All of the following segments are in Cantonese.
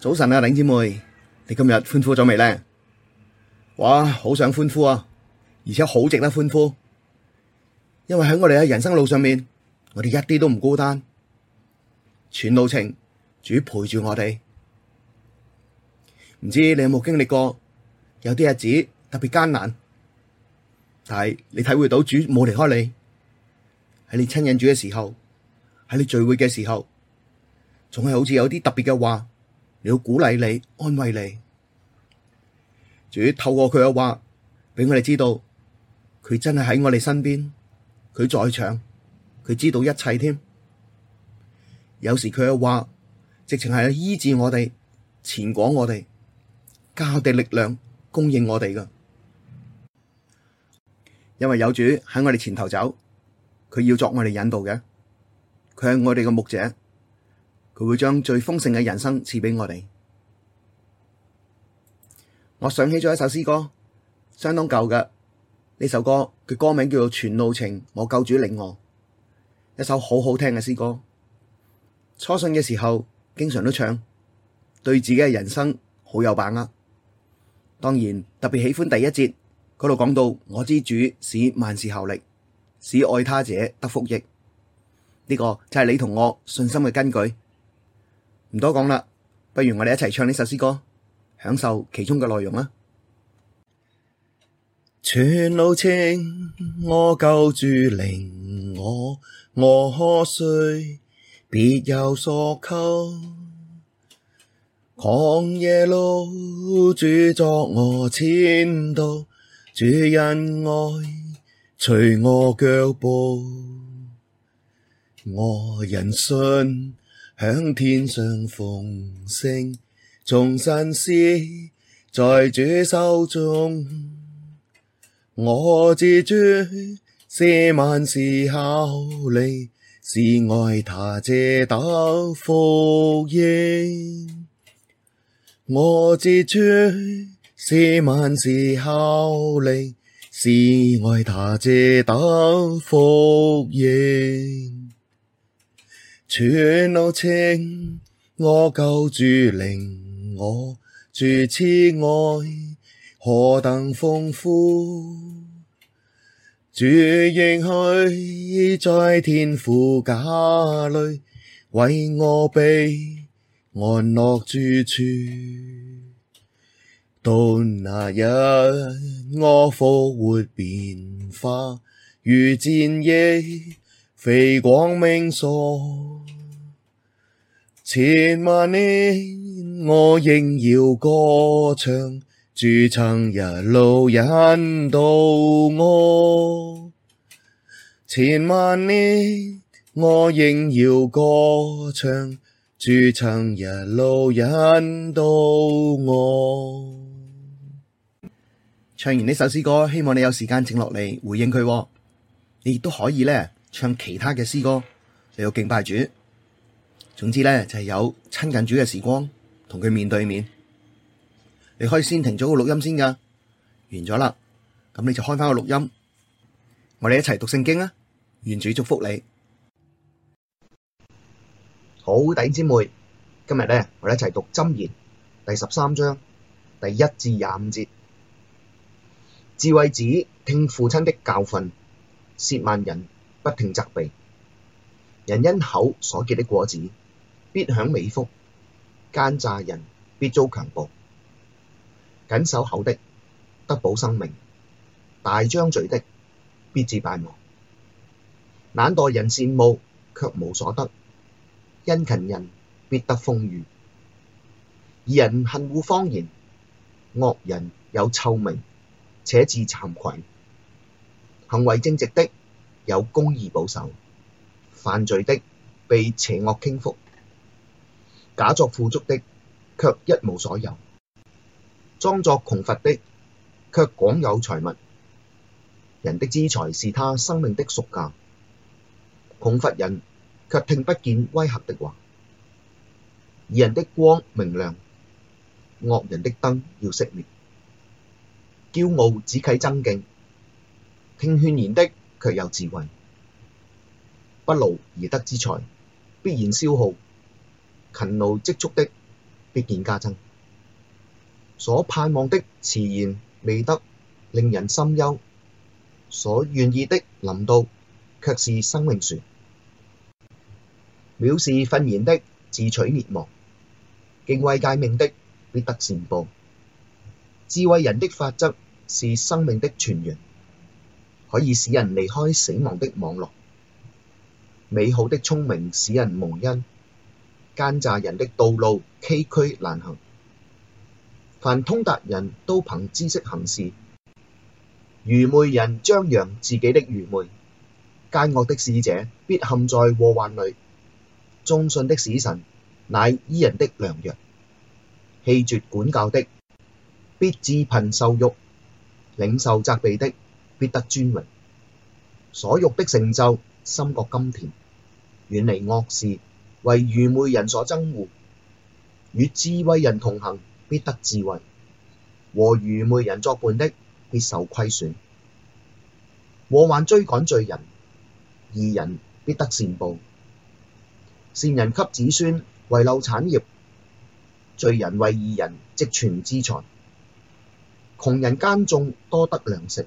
早晨啊，領姊妹，你今日歡呼咗未咧？哇，好想歡呼啊！而且好值得歡呼，因為喺我哋嘅人生路上面，我哋一啲都唔孤單，全路程主陪住我哋。唔知你有冇經歷過？有啲日子特別艱難，但係你體會到主冇離開你，喺你親近主嘅時候，喺你聚會嘅時候，仲係好似有啲特別嘅話。你要鼓勵你，安慰你，主透過佢嘅話，俾我哋知道佢真係喺我哋身邊，佢在場，佢知道一切添。有時佢嘅話，直情係醫治我哋、前廣我哋、教我哋力量、供應我哋噶。因為有主喺我哋前頭走，佢要作我哋引導嘅，佢係我哋嘅牧者。佢會將最豐盛嘅人生賜俾我哋。我想起咗一首詩歌，相當舊嘅呢首歌，佢歌名叫做《全路程》，我救主領我，一首好好聽嘅詩歌。初信嘅時候，經常都唱，對自己嘅人生好有把握。當然特別喜歡第一節嗰度講到，我知主使萬事效力，使愛他者得福益呢、這個就係你同我信心嘅根據。唔多講啦，不如我哋一齊唱呢首詩歌，享受其中嘅內容啦。全路程，我救主領我，我何需別有所求，曠野路主作我前導，主恩愛隨我腳步，我因信享天上豐盛，終身事在主手中，我知主使萬事效力，使愛他者得福益，我知主使萬事效力，使愛他者得福益。全路程，我救主，領我，主慈愛何等豐富，主應許在天父家裡，為我備安樂住處。到那日我復活變化，如展翼。飛光明所，千萬年，我仍要歌唱，主曾一路引導我。千萬年，我仍要歌唱，主曾一路引導我。唱完呢首詩歌，希望你有時間靜落嚟回應佢喎。你亦都可以呢，唱其他嘅詩歌，你要敬拜主，總之咧就係有親近主嘅時光，同佢面對面。你可以先停咗個錄音先噶，完咗啦，咁你就開翻個錄音，我哋一齊讀聖經啊！願主祝福你。好，弟兄姊妹，今日咧我哋一齊讀箴言第十三章第一至廿五節。智慧子聽父親的教訓，褻慢人。不聽責備。人因口所結的果子必享美福，奸詐人必遭強暴，謹守口的，得保生命，大張嘴的必致敗亡。懶惰人羨慕，卻無所得，殷勤人必得豐裕。義人恨惡謊言，惡人有臭名，且致慚愧。行為正直的。有公義保守，犯罪的被邪惡傾覆，假作富足的卻一無所有，裝作窮乏的卻廣有財物。人的資財是他生命的贖價，窮乏人卻聽不見威嚇的話。義人的光明亮，惡人的燈要熄滅。驕傲只啟爭競，聽勸言的。卻有智慧，不勞而得之財，必然消耗；勤勞積蓄的，必然加增。所盼望的遲延未得，令人心憂；所願意的臨到，卻是生命樹。藐視訓言的，自取滅亡；敬畏誡命的，必得善報。智慧人的法則是生命的泉源，可以使人離開死亡的網羅，美好的聰明使人蒙恩，奸詐人的道路崎嶇難行。凡通達人都憑知識行事，愚昧人張揚自己的愚昧。奸惡的使者必陷在禍患裏，忠信的使臣乃醫人的良藥。棄絕管教的必致貧受辱，領受責備的，必得尊榮，所欲的成就，心覺甘甜；遠離惡事，為愚昧人所憎惡，與智慧人同行，必得智慧；和愚昧人作伴的，必受虧損。禍患追趕罪人，義人必得善報。善人給子孫遺留產業，罪人為義人積存資財。窮人耕種，多得糧食。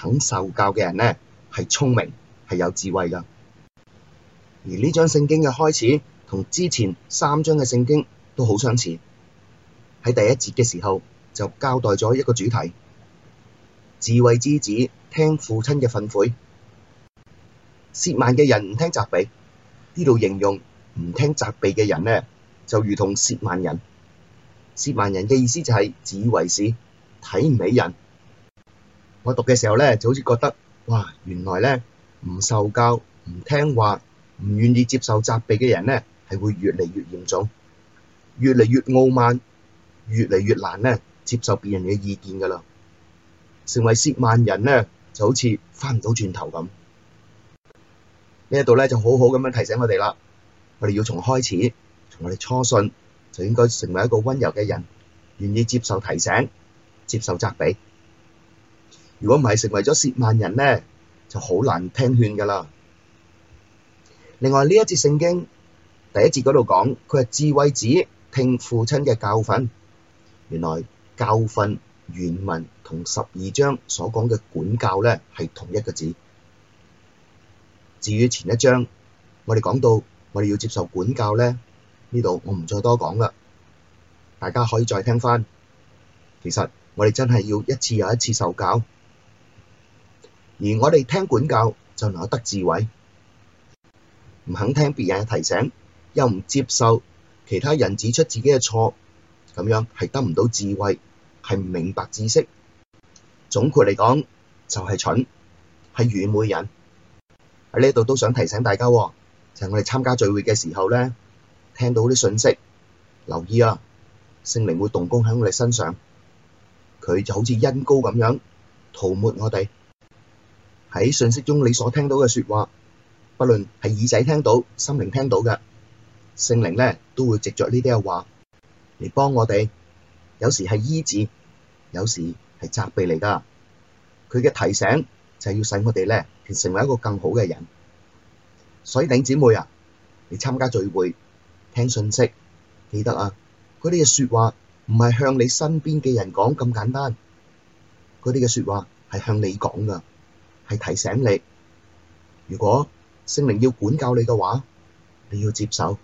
肯受教嘅人呢，係聰明，係有智慧噶。而呢章聖經嘅開始，同之前三章嘅聖經都好相似。喺第一節嘅時候就交代咗一個主題：智慧之子聽父親嘅訓誨。褻慢嘅人唔聽責備，呢度形容唔聽責備嘅人呢，就如同褻慢人。褻慢人嘅意思就係、是、自以為是，睇唔起人。我讀嘅時候咧，就好似覺得，哇！原來咧，唔受教、唔聽話、唔願意接受責備嘅人咧，係會越嚟越嚴重，越嚟越傲慢，越嚟越難咧接受別人嘅意見㗎啦。成為褻慢人咧，就好似翻唔到轉頭咁。呢一度咧就好好咁樣提醒我哋啦，我哋要從開始，從我哋初信就應該成為一個溫柔嘅人，願意接受提醒，接受責備。如果唔係成為咗褻慢人呢，就好難聽勸噶啦。另外呢一節聖經第一節嗰度講，佢係智慧子聽父親嘅教訓，原來教訓原文同十二章所講嘅管教呢係同一個字。至於前一章我哋講到我哋要接受管教呢，呢度我唔再多講啦，大家可以再聽返。其實我哋真係要一次又一次受教。而我哋聽管教就能有得智慧，唔肯聽別人嘅提醒，又唔接受其他人指出自己嘅錯，咁樣係得唔到智慧，係唔明白知識。總括嚟講，就係、是、蠢，係愚昧人。喺呢度都想提醒大家，就係、是、我哋參加聚會嘅時候咧，聽到啲訊息，留意啊，聖靈會動工喺我哋身上，佢就好似恩膏咁樣塗抹我哋。喺信息中你所聽到嘅説話，不論係耳仔聽到、心靈聽到嘅，聖靈咧都會藉着呢啲嘅話嚟幫我哋。有時係醫治，有時係責備嚟㗎。佢嘅提醒就係要使我哋咧，成為一個更好嘅人。所以弟兄姊妹啊，你參加聚會聽信息，記得啊，嗰啲嘅説話唔係向你身邊嘅人講咁簡單，嗰啲嘅説話係向你講㗎。係提醒你，如果聖靈要管教你嘅話，你要接受，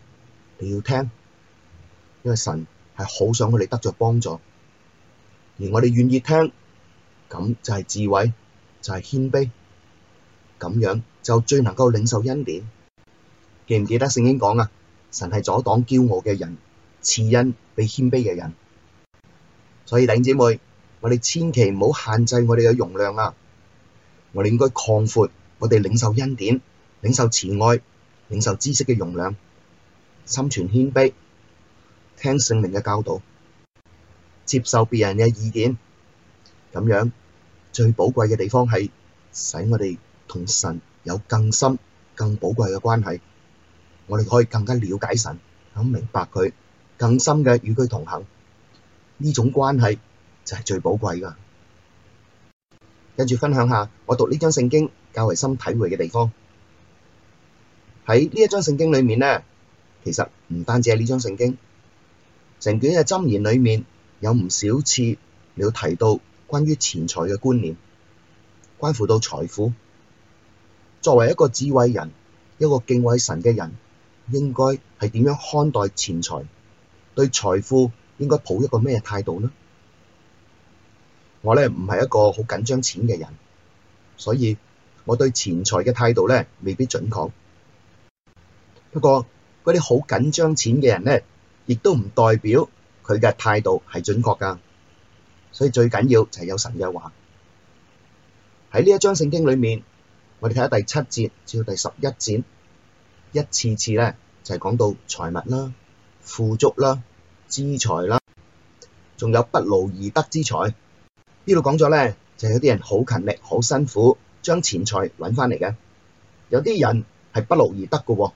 你要聽，因為神係好想我哋得咗幫助，而我哋願意聽，咁就係智慧，就係謙卑，咁樣就最能夠領受恩典。記唔記得聖經講啊？神係阻擋驕傲嘅人，賜恩俾謙卑嘅人，所以弟兄姊妹，我哋千祈唔好限制我哋嘅容量啊！我哋應該擴闊我哋領受恩典、領受慈愛、領受知識嘅容量，心存謙卑，聽聖靈嘅教導，接受別人嘅意見，咁樣最寶貴嘅地方係使我哋同神有更深、更寶貴嘅關係。我哋可以更加了解神，咁明白佢，更深嘅與佢同行。呢種關係就係最寶貴㗎。跟住分享下，我讀呢章聖經較為深體會嘅地方。喺呢一章聖經裏面呢，其實唔單止係呢章聖經，成卷嘅箴言裏面有唔少次你要提到關於錢財嘅觀念，關乎到財富。作為一個智慧人，一個敬畏神嘅人，應該係點樣看待錢財？對財富應該抱一個咩態度呢？我咧，唔係一個好緊張錢嘅人，所以我對錢財嘅態度咧未必準確。不過嗰啲好緊張錢嘅人咧，亦都唔代表佢嘅態度係準確噶。所以最緊要就係有神有話，喺呢一章聖經裏面，我哋睇下第七節至到第十一節，一次次咧就係講到財物啦、富足啦、資財啦，仲有不勞而得之財。呢度講咗咧，就係、是、有啲人好勤力、好辛苦，將錢財揾翻嚟嘅。有啲人係不勞而得嘅，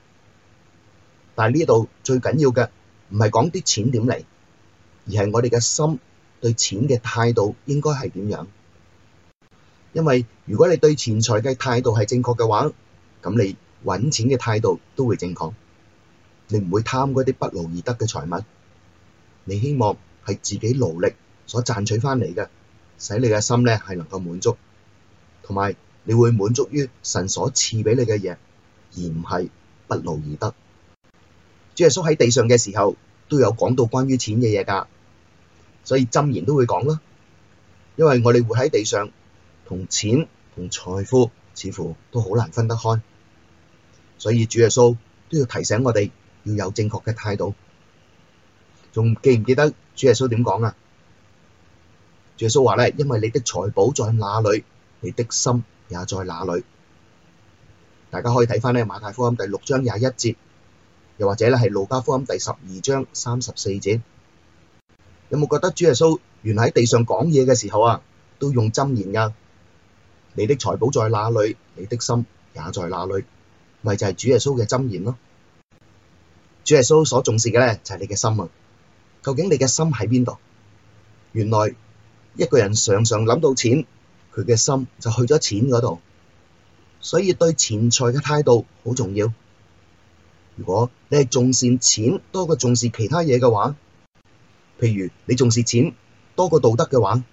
但係呢度最緊要嘅唔係講啲錢點嚟，而係我哋嘅心對錢嘅態度應該係點樣。因為如果你對錢財嘅態度係正確嘅話，咁你揾錢嘅態度都會正確。你唔會貪嗰啲不勞而得嘅財物，你希望係自己勞力所賺取翻嚟嘅。使你嘅心咧係能夠滿足，同埋你會滿足於神所賜俾你嘅嘢，而唔係不勞而得。主耶穌喺地上嘅時候都有講到關於錢嘅嘢噶，所以箴言都會講啦。因為我哋活喺地上，同錢同財富似乎都好難分得開，所以主耶穌都要提醒我哋要有正確嘅態度。仲記唔記得主耶穌點講啊？耶穌話咧，因為你的財寶在哪裡，你的心也在哪裡。大家可以睇翻咧馬太福音第六章廿一節，又或者咧係路加福音第十二章三十四節。有冇覺得主耶穌原喺地上講嘢嘅時候啊，都用箴言噶？你的財寶在哪裡，你的心也在哪裡，咪就係主耶穌嘅箴言咯。主耶穌所重視嘅咧就係你嘅心啊，究竟你嘅心喺邊度？原來。一個人常常諗到錢，佢嘅心就去咗錢嗰度，所以對錢財嘅態度好重要。如果你係重視錢多過重視其他嘢嘅話，譬如你重視錢多過道德嘅話，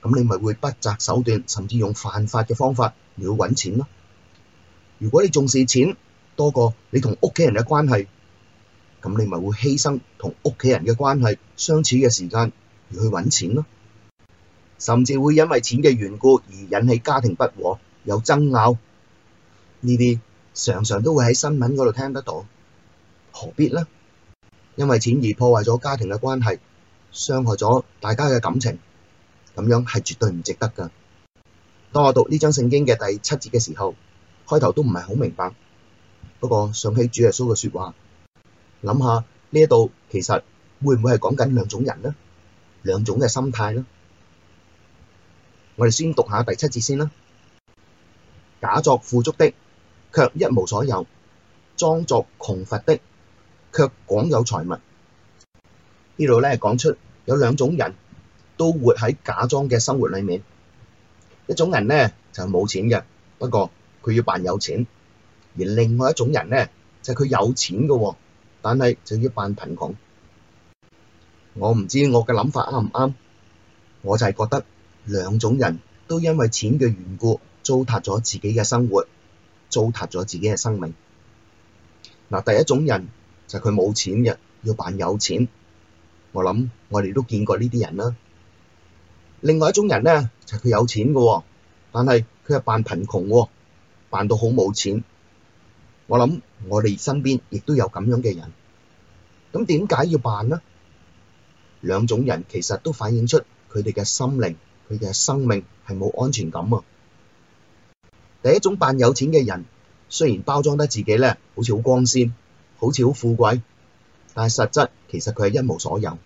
咁你咪會不擇手段，甚至用犯法嘅方法嚟去揾錢咯。如果你重視錢多過你同屋企人嘅關係，咁你咪會犧牲同屋企人嘅關係相處嘅時間而去揾錢咯。甚至會因為錢嘅緣故而引起家庭不和，有爭拗呢啲，常常都會喺新聞嗰度聽得到。何必呢？因為錢而破壞咗家庭嘅關係，傷害咗大家嘅感情，咁樣係絕對唔值得㗎。當我讀呢章聖經嘅第七節嘅時候，開頭都唔係好明白，不過想起主耶穌嘅説話，諗下呢一度其實會唔會係講緊兩種人呢？兩種嘅心態呢？我哋先讀下第七節先啦。假作富足的，卻一無所有；裝作窮乏的，卻廣有財物。呢度咧講出有兩種人都活喺假裝嘅生活裏面。一種人咧就係冇錢嘅，不過佢要扮有錢；而另外一種人咧就係、是、佢有錢嘅、哦，但係就要扮貧窮。我唔知我嘅諗法啱唔啱，我就係覺得。兩種人都因為錢嘅緣故，糟蹋咗自己嘅生活，糟蹋咗自己嘅生命。嗱，第一種人就係佢冇錢嘅，要扮有錢。我諗我哋都見過呢啲人啦。另外一種人咧，就係、係、佢有錢嘅、哦，但係佢係扮貧窮，扮到好冇錢。我諗我哋身邊亦都有咁樣嘅人。咁點解要扮呢？兩種人其實都反映出佢哋嘅心靈。佢嘅生命係冇安全感啊！第一種扮有錢嘅人，雖然包裝得自己咧，好似好光鮮，好似好富貴，但係實質其實佢係一無所有。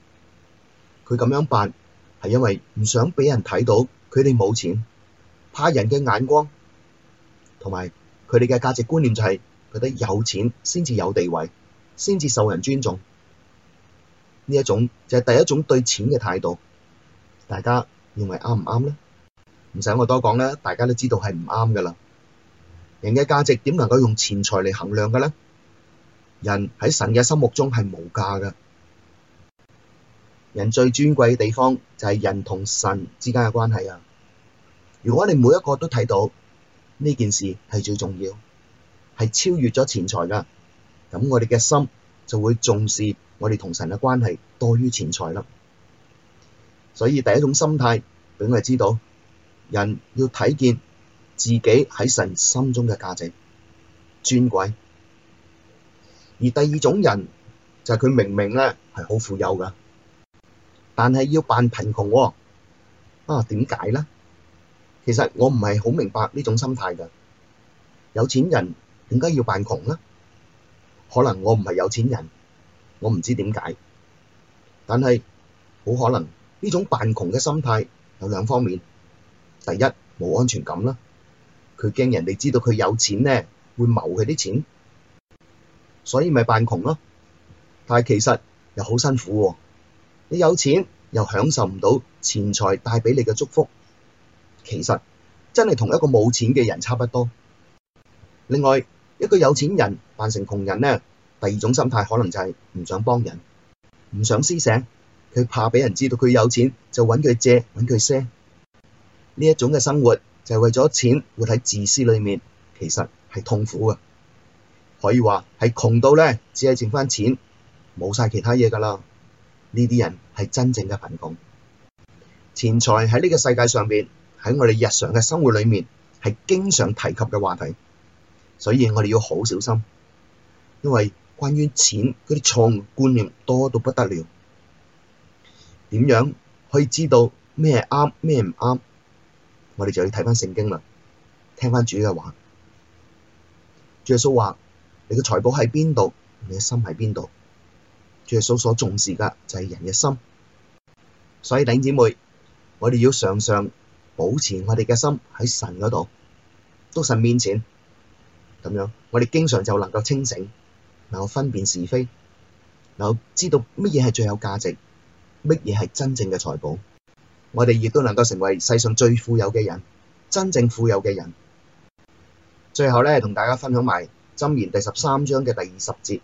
佢咁樣扮係因為唔想俾人睇到佢哋冇錢，怕人嘅眼光，同埋佢哋嘅價值觀念就係覺得有錢先至有地位，先至受人尊重。呢一種就係第一種對錢嘅態度，大家。認為啱唔啱咧？唔使我多講啦，大家都知道係唔啱噶啦。人嘅價值點能夠用錢財嚟衡量嘅咧？人喺神嘅心目中係無價噶。人最尊貴嘅地方就係人同神之間嘅關係啊！如果你每一個都睇到呢件事係最重要，係超越咗錢財噶，咁我哋嘅心就會重視我哋同神嘅關係多於錢財啦。所以第一種心態俾我哋知道，人要睇見自己喺神心中嘅價值尊貴。而第二種人就係、是、佢明明咧係好富有㗎，但係要扮貧窮喎、哦。啊，點解咧？其實我唔係好明白呢種心態㗎。有錢人點解要扮窮咧？可能我唔係有錢人，我唔知點解。但係好可能。呢種扮窮嘅心態有兩方面，第一冇安全感啦，佢驚人哋知道佢有錢呢會謀佢啲錢，所以咪扮窮咯。但係其實又好辛苦喎，你有錢又享受唔到錢財帶俾你嘅祝福，其實真係同一個冇錢嘅人差不多。另外一個有錢人扮成窮人呢，第二種心態可能就係唔想幫人，唔想施捨。佢怕俾人知道佢有錢，就揾佢借，揾佢賒。呢一種嘅生活就係、是、為咗錢活喺自私裏面，其實係痛苦嘅。可以話係窮到咧，只係剩翻錢，冇晒其他嘢㗎啦。呢啲人係真正嘅貧窮。錢財喺呢個世界上面，喺我哋日常嘅生活裏面係經常提及嘅話題，所以我哋要好小心，因為關於錢嗰啲錯誤觀念多到不得了。點樣可以知道咩啱，咩唔啱？我哋就要睇翻聖經啦，聽翻主嘅話。主耶穌話：你嘅財寶喺邊度？你嘅心喺邊度？主耶穌所重視嘅就係人嘅心，所以弟兄姊妹，我哋要常常保持我哋嘅心喺神嗰度，喺神面前。咁樣我哋經常就能夠清醒，能夠分辨是非，能夠知道乜嘢係最有價值。乜嘢係真正嘅財寶？我哋亦都能夠成為世上最富有嘅人，真正富有嘅人。最後咧，同大家分享埋《箴言》第十三章嘅第二十節：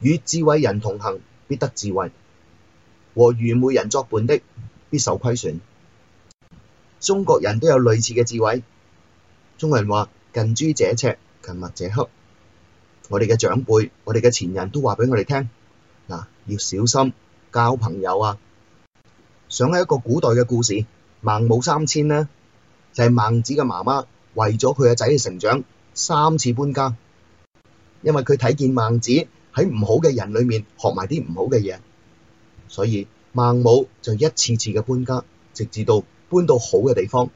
與智慧人同行，必得智慧；和愚昧人作伴的，必受虧損。中國人都有類似嘅智慧。中國人話：近朱者赤，近墨者黑。我哋嘅長輩、我哋嘅前人都話畀我哋聽，嗱，要小心。交朋友啊！想起一個古代嘅故事《孟母三遷》呢，就係孟子嘅媽媽為咗佢嘅仔嘅成長三次搬家，因為佢睇見孟子喺唔好嘅人裏面學埋啲唔好嘅嘢，所以孟母就一次次嘅搬家，直至到搬到好嘅地方，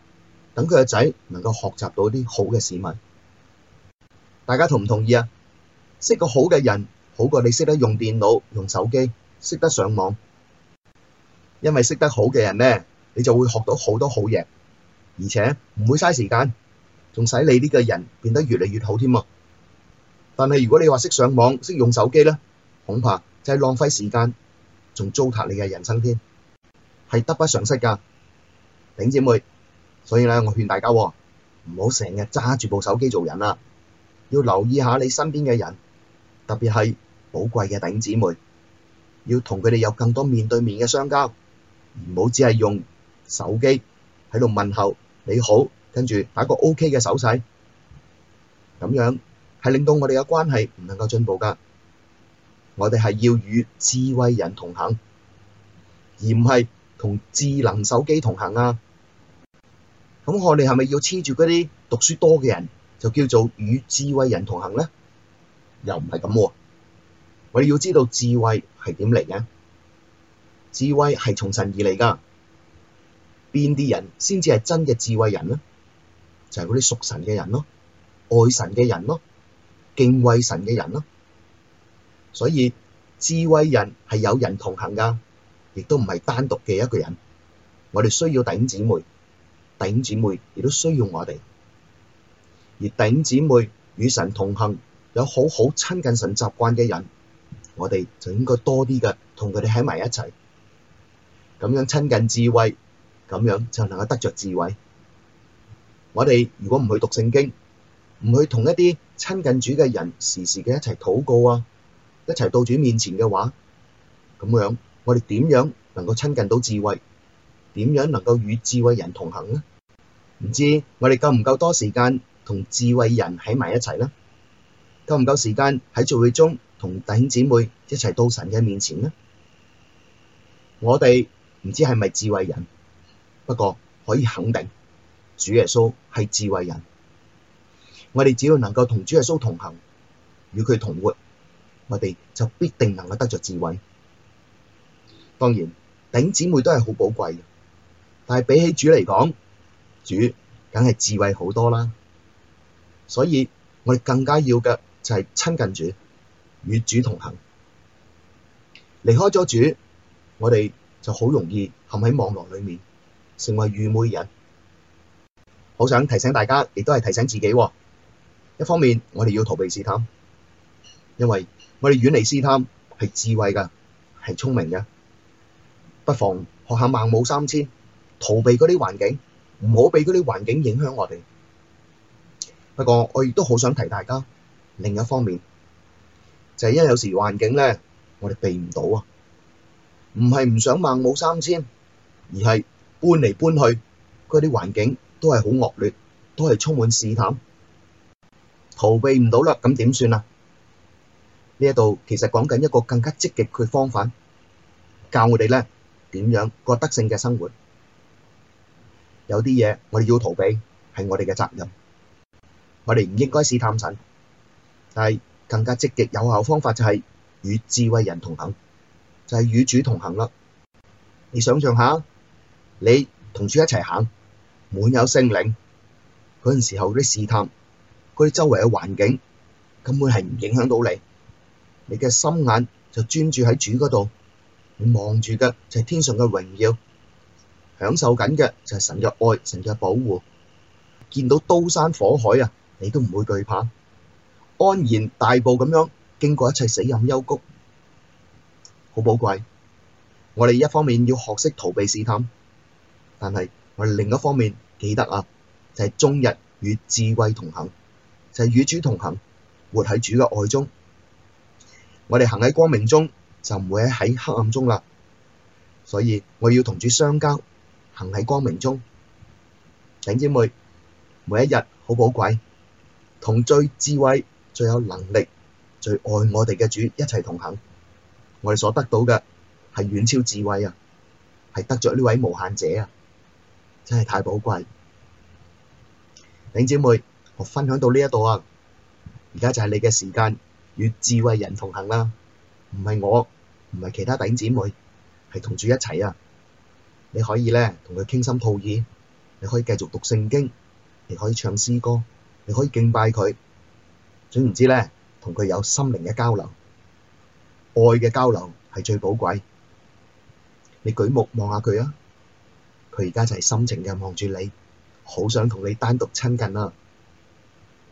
等佢嘅仔能夠學習到啲好嘅事物。大家同唔同意啊？識個好嘅人好過你識得用電腦、用手機。識得上網，因為識得好嘅人咧，你就會學到好多好嘢，而且唔會嘥時間，仲使你呢個人變得越嚟越好添。啊，但係如果你話識上網、識用手機咧，恐怕就係浪費時間，仲糟蹋你嘅人生添，係得不償失噶，頂姐妹。所以咧，我勸大家喎，唔好成日揸住部手機做人啦，要留意下你身邊嘅人，特別係寶貴嘅頂姐妹。要同佢哋有更多面對面嘅相交，唔好只係用手機喺度問候你好，跟住打個 OK 嘅手勢，咁樣係令到我哋嘅關係唔能夠進步噶。我哋係要與智慧人同行，而唔係同智能手機同行啊。咁我哋係咪要黐住嗰啲讀書多嘅人，就叫做與智慧人同行咧？又唔係咁喎。我要知道智慧係點嚟嘅？智慧係從神而嚟噶，邊啲人先至係真嘅智慧人呢？就係嗰啲屬神嘅人咯，愛神嘅人咯，敬畏神嘅人咯。所以智慧人係有人同行噶，亦都唔係單獨嘅一個人。我哋需要弟兄姊妹，弟兄姊妹亦都需要我哋。而弟兄姊妹與神同行，有好好親近神習慣嘅人。我哋就應該多啲嘅同佢哋喺埋一齊，咁樣親近智慧，咁樣就能夠得着智慧。我哋如果唔去讀聖經，唔去同一啲親近主嘅人時時嘅一齊禱告啊，一齊到主面前嘅話，咁樣我哋點樣能夠親近到智慧？點樣能夠與智慧人同行呢？唔知我哋夠唔夠多時間同智慧人喺埋一齊呢？夠唔夠時間喺聚會中同弟兄姊妹一齊到神嘅面前呢？我哋唔知係咪智慧人，不過可以肯定，主耶穌係智慧人。我哋只要能夠同主耶穌同行，與佢同活，我哋就必定能夠得着智慧。當然，弟兄姊妹都係好寶貴嘅，但係比起主嚟講，主梗係智慧好多啦。所以我哋更加要嘅。就係親近主，與主同行。離開咗主，我哋就好容易陷喺網羅裡面，成為愚昧人。好想提醒大家，亦都係提醒自己。一方面，我哋要逃避試探，因為我哋遠離試探係智慧㗎，係聰明嘅。不妨學下《孟母三遷》，逃避嗰啲環境，唔好俾嗰啲環境影響我哋。不過，我亦都好想提大家。另一方面就係、是，因為有時環境咧，我哋避唔到啊，唔係唔想孟母三遷，而係搬嚟搬去嗰啲環境都係好惡劣，都係充滿試探，逃避唔到啦。咁點算啊？呢一度其實講緊一個更加積極嘅方法，教我哋咧點樣過德性嘅生活。有啲嘢我哋要逃避，係我哋嘅責任，我哋唔應該試探神。但係更加積極有效方法就係與智慧人同行，就係、是、與主同行啦。你想象下，你同主一齊行，滿有聖靈。嗰陣時候啲試探，嗰啲周圍嘅環境根本係唔影響到你。你嘅心眼就專注喺主嗰度，你望住嘅就係天上嘅榮耀，享受緊嘅就係神嘅愛、神嘅保護。見到刀山火海啊，你都唔會懼怕。安然大步咁樣經過一切死蔭幽谷，好寶貴。我哋一方面要學識逃避試探，但係我哋另一方面記得啊，就係、是、終日與智慧同行，就係、是、與主同行，活喺主嘅愛中，我哋行喺光明中就唔會喺黑暗中啦。所以我要同主相交，行喺光明中。請姐妹每一日好寶貴，同追智慧。最有能力、最愛我哋嘅主，一齊同行，我哋所得到嘅係遠超智慧啊！係得着呢位無限者啊，真係太寶貴。頂姐妹，我分享到呢一度啊，而家就係你嘅時間，與智慧人同行啦。唔係我，唔係其他頂姐妹，係同主一齊啊！你可以咧同佢傾心吐意，你可以繼續讀聖經，你可以唱詩歌，你可以敬拜佢。總唔知呢，同佢有心靈嘅交流、愛嘅交流係最寶貴。你舉目望下佢啊，佢而家就係深情嘅望住你，好想同你單獨親近啦。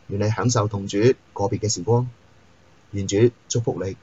願你享受同主個別嘅時光，願主祝福你。